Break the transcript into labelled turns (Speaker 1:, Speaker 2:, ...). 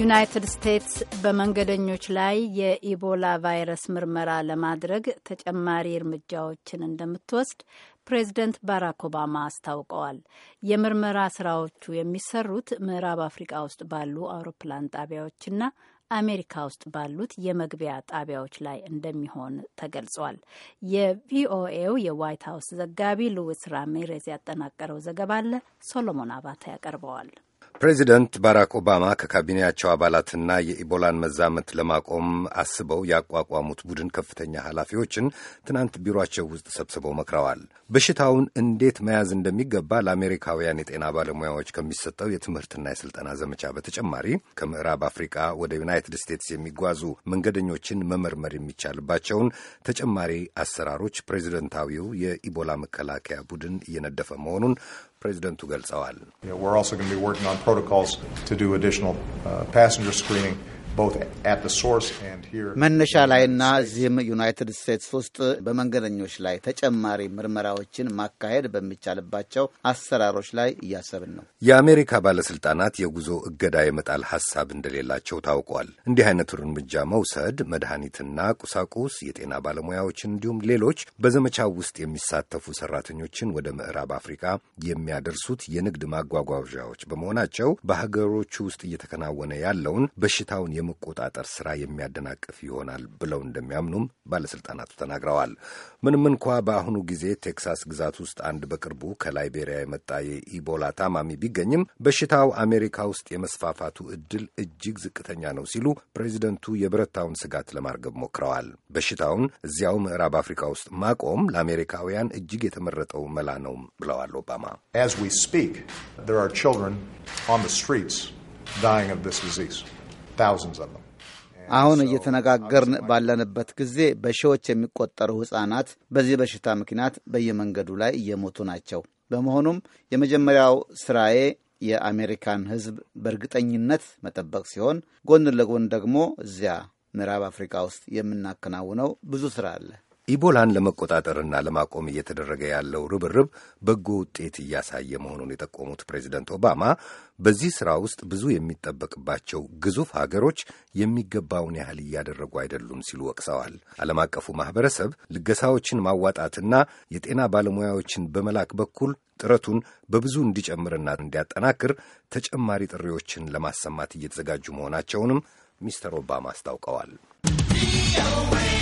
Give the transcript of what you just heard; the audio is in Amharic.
Speaker 1: ዩናይትድ ስቴትስ በመንገደኞች ላይ የኢቦላ ቫይረስ ምርመራ ለማድረግ ተጨማሪ እርምጃዎችን እንደምትወስድ ፕሬዚደንት ባራክ ኦባማ አስታውቀዋል። የምርመራ ስራዎቹ የሚሰሩት ምዕራብ አፍሪቃ ውስጥ ባሉ አውሮፕላን ጣቢያዎችና አሜሪካ ውስጥ ባሉት የመግቢያ ጣቢያዎች ላይ እንደሚሆን ተገልጿል። የቪኦኤው የዋይት ሀውስ ዘጋቢ ሉዊስ ራሜሬዝ ያጠናቀረው ዘገባ አለ። ሶሎሞን አባተ ያቀርበዋል።
Speaker 2: ፕሬዚደንት ባራክ ኦባማ ከካቢኔያቸው አባላትና የኢቦላን መዛመት ለማቆም አስበው ያቋቋሙት ቡድን ከፍተኛ ኃላፊዎችን ትናንት ቢሮአቸው ውስጥ ሰብስበው መክረዋል። በሽታውን እንዴት መያዝ እንደሚገባ ለአሜሪካውያን የጤና ባለሙያዎች ከሚሰጠው የትምህርትና የሥልጠና ዘመቻ በተጨማሪ ከምዕራብ አፍሪካ ወደ ዩናይትድ ስቴትስ የሚጓዙ መንገደኞችን መመርመር የሚቻልባቸውን ተጨማሪ አሰራሮች ፕሬዚደንታዊው የኢቦላ መከላከያ ቡድን እየነደፈ መሆኑን ፕሬዚደንቱ ገልጸዋል።
Speaker 3: መነሻ ላይና እዚህም ዩናይትድ ስቴትስ ውስጥ በመንገደኞች ላይ ተጨማሪ ምርመራዎችን ማካሄድ በሚቻልባቸው አሰራሮች ላይ እያሰብን ነው።
Speaker 2: የአሜሪካ ባለስልጣናት የጉዞ እገዳ የመጣል ሀሳብ እንደሌላቸው ታውቋል። እንዲህ አይነት እርምጃ መውሰድ መድኃኒትና ቁሳቁስ፣ የጤና ባለሙያዎችን እንዲሁም ሌሎች በዘመቻው ውስጥ የሚሳተፉ ሰራተኞችን ወደ ምዕራብ አፍሪካ የሚያደርሱት የንግድ ማጓጓዣዎች በመሆናቸው በሀገሮቹ ውስጥ እየተከናወነ ያለውን በሽታውን የመቆጣጠር ስራ የሚያደናቅፍ ይሆናል ብለው እንደሚያምኑም ባለስልጣናቱ ተናግረዋል። ምንም እንኳ በአሁኑ ጊዜ ቴክሳስ ግዛት ውስጥ አንድ በቅርቡ ከላይቤሪያ የመጣ የኢቦላ ታማሚ ቢገኝም በሽታው አሜሪካ ውስጥ የመስፋፋቱ እድል እጅግ ዝቅተኛ ነው ሲሉ ፕሬዚደንቱ የብረታውን ስጋት ለማርገብ ሞክረዋል። በሽታውን እዚያው ምዕራብ አፍሪካ ውስጥ ማቆም ለአሜሪካውያን እጅግ የተመረጠው መላ ነው ብለዋል ኦባማ። As we speak, there are children on the streets dying of this
Speaker 3: disease. አሁን እየተነጋገርን ባለንበት ጊዜ በሺዎች የሚቆጠሩ ሕፃናት በዚህ በሽታ ምክንያት በየመንገዱ ላይ እየሞቱ ናቸው። በመሆኑም የመጀመሪያው ስራዬ የአሜሪካን ሕዝብ በእርግጠኝነት መጠበቅ ሲሆን፣ ጎን ለጎን ደግሞ እዚያ ምዕራብ አፍሪካ ውስጥ የምናከናውነው ብዙ ስራ
Speaker 2: አለ። ኢቦላን ለመቆጣጠርና ለማቆም እየተደረገ ያለው ርብርብ በጎ ውጤት እያሳየ መሆኑን የጠቆሙት ፕሬዚደንት ኦባማ በዚህ ሥራ ውስጥ ብዙ የሚጠበቅባቸው ግዙፍ ሀገሮች የሚገባውን ያህል እያደረጉ አይደሉም ሲሉ ወቅሰዋል። ዓለም አቀፉ ማኅበረሰብ ልገሳዎችን ማዋጣትና የጤና ባለሙያዎችን በመላክ በኩል ጥረቱን በብዙ እንዲጨምርና እንዲያጠናክር ተጨማሪ ጥሪዎችን ለማሰማት እየተዘጋጁ መሆናቸውንም ሚስተር ኦባማ አስታውቀዋል።